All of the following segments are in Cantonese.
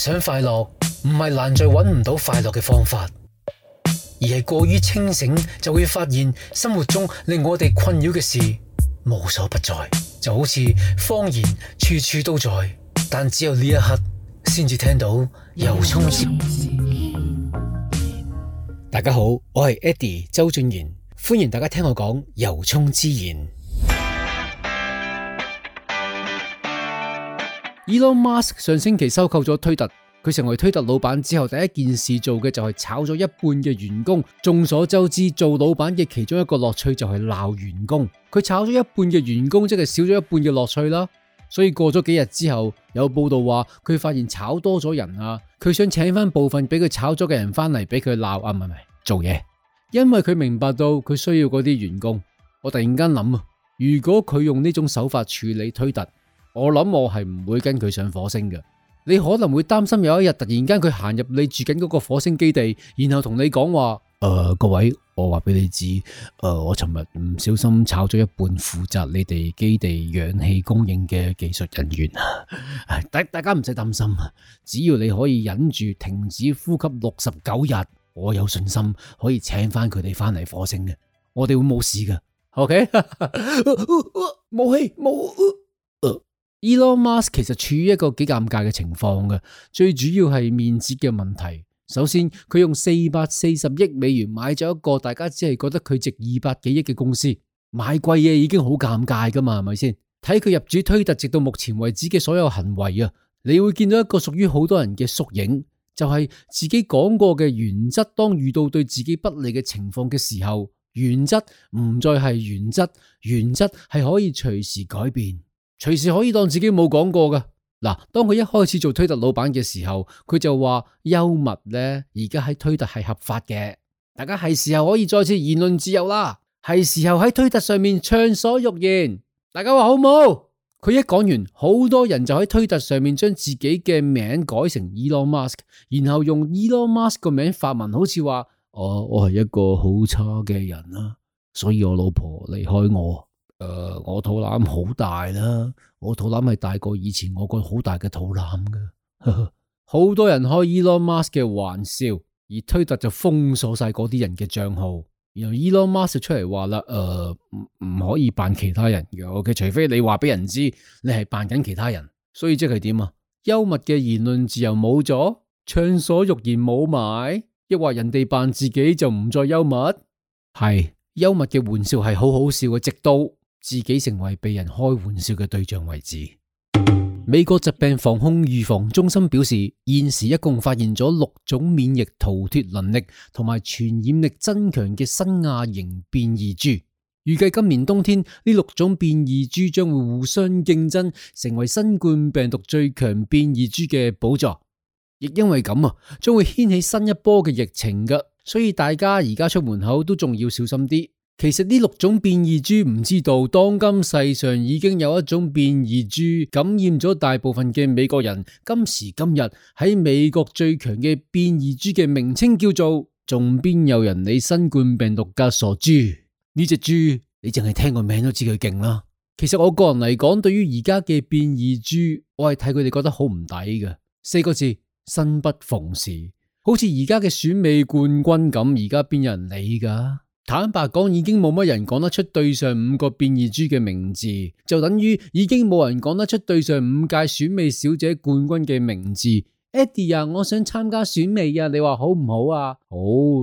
想快樂唔係難在揾唔到快樂嘅方法，而係過於清醒，就會發現生活中令我哋困擾嘅事無所不在，就好似謊言處處都在，但只有呢一刻先至聽到由衷之言。大家好，我係 Eddie 周俊賢，歡迎大家聽我講由衷之言。Elon Musk 上星期收購咗推特，佢成為推特老闆之後第一件事做嘅就係炒咗一半嘅員工。眾所周知，做老闆嘅其中一個樂趣就係鬧員工。佢炒咗一半嘅員工，即係少咗一半嘅樂趣啦。所以過咗幾日之後，有報道話佢發現炒多咗人啊，佢想請翻部分俾佢炒咗嘅人翻嚟俾佢鬧啊，唔係唔係做嘢，因為佢明白到佢需要嗰啲員工。我突然間諗啊，如果佢用呢種手法處理推特，我諗我係唔會跟佢上火星嘅。你可能會擔心有一日突然間佢行入你住緊嗰個火星基地，然後同你講話，誒，各位，我話俾你知，誒、呃，我尋日唔小心炒咗一半負責你哋基地氧氣供應嘅技術人員。大大家唔使擔心，只要你可以忍住停止呼吸六十九日，我有信心可以請翻佢哋翻嚟火星嘅。我哋會冇事嘅。OK，冇氣冇。Elon Musk 其實處於一個幾尷尬嘅情況嘅，最主要係面子嘅問題。首先，佢用四百四十億美元買咗一個大家只係覺得佢值二百幾億嘅公司，買貴嘢已經好尷尬噶嘛，係咪先？睇佢入主推特直到目前為止嘅所有行為啊，你會見到一個屬於好多人嘅縮影，就係自己講過嘅原則。當遇到對自己不利嘅情況嘅時候，原則唔再係原則，原則係可以隨時改變。隨時可以當自己冇講過㗎。嗱，當佢一開始做推特老闆嘅時候，佢就話幽默呢，而家喺推特係合法嘅，大家係時候可以再次言論自由啦，係時候喺推特上面暢所欲言。大家話好冇？佢一講完，好多人就喺推特上面將自己嘅名改成 Elon Musk，然後用 Elon Musk 個名發文，好似話：哦、啊，我係一個好差嘅人啊。」所以我老婆離開我。誒、呃，我肚腩好大啦，我肚腩係大過以前我個好大嘅肚腩噶。呵呵。好多人開 Elon Musk 嘅玩笑，而推特就封鎖晒嗰啲人嘅賬號。然後 Elon Musk 就出嚟話啦，誒、呃，唔可以扮其他人嘅，除非你話俾人知你係扮緊其他人。所以即係點啊？幽默嘅言論自由冇咗，暢所欲言冇埋，抑或人哋扮自己就唔再幽默。係幽默嘅玩笑係好好笑嘅，直到自己成為被人開玩笑嘅對象為止。美國疾病防控預防中心表示，現時一共發現咗六種免疫逃脱能力同埋傳染力增強嘅新亞型變異株。預計今年冬天呢六種變異株將會互相競爭，成為新冠病毒最強變異株嘅寶座。亦因為咁啊，將會掀起新一波嘅疫情㗎，所以大家而家出門口都仲要小心啲。其實呢六種變異豬唔知道，當今世上已經有一種變異豬感染咗大部分嘅美國人。今時今日喺美國最強嘅變異豬嘅名稱叫做，仲邊有人理新冠病毒㗎傻豬？呢隻豬你淨係聽個名都知佢勁啦。其實我個人嚟講，對於而家嘅變異豬，我係睇佢哋覺得好唔抵嘅。四個字，生不逢時，好似而家嘅選美冠軍咁，而家邊有人理噶？坦白講，已經冇乜人講得出對上五個變異株嘅名字，就等於已經冇人講得出對上五屆選美小姐冠軍嘅名字。Eddie 啊，我想參加選美啊，你話好唔好啊？好，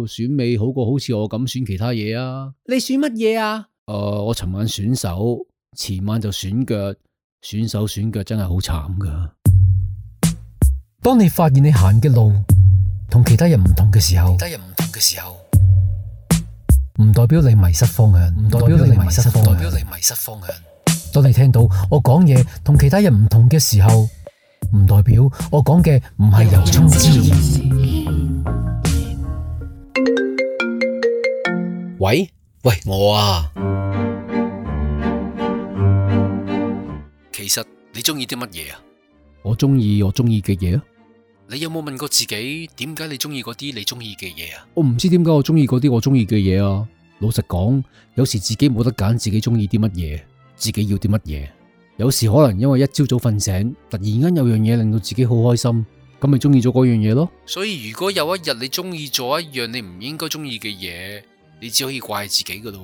選美好過好似我咁選其他嘢啊？你選乜嘢啊？誒、呃，我尋晚選手，前晚就選腳，選手選腳真係好慘㗎。當你發現你行嘅路同其他人唔同嘅時候，其他人唔同嘅時候。唔代表你迷失方向，唔代表你迷失方向。當你聽到我講嘢同其他人唔同嘅時候，唔代表我講嘅唔係由衷之言。喂喂，喂我啊，其實你中意啲乜嘢啊？我中意我中意嘅嘢啊。你有冇問過自己點解你中意嗰啲你中意嘅嘢啊？我唔知點解我中意嗰啲我中意嘅嘢啊。老實講，有時自己冇得揀，自己中意啲乜嘢，自己要啲乜嘢。有時可能因為一朝早瞓醒，突然間有樣嘢令到自己好開心，咁咪中意咗嗰樣嘢咯。所以如果有一日你中意咗一樣你唔應該中意嘅嘢，你只可以怪自己噶啦，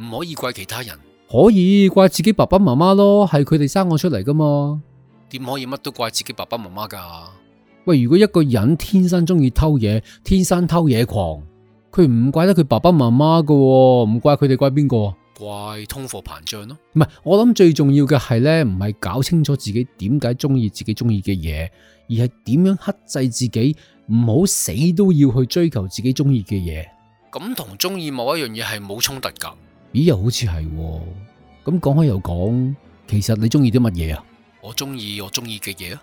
唔可以怪其他人。可以怪自己爸爸媽媽咯，係佢哋生我出嚟噶嘛。點可以乜都怪自己爸爸媽媽噶？喂，如果一個人天生中意偷嘢，天生偷嘢狂，佢唔怪得佢爸爸媽媽噶，唔怪佢哋怪邊個啊？怪通貨膨脹咯。唔係，我諗最重要嘅係咧，唔係搞清楚自己點解中意自己中意嘅嘢，而係點樣克制自己，唔好死都要去追求自己中意嘅嘢。咁同中意某一樣嘢係冇衝突噶？咦，又好似係。咁講開又講，其實你中意啲乜嘢啊？我中意我中意嘅嘢啊。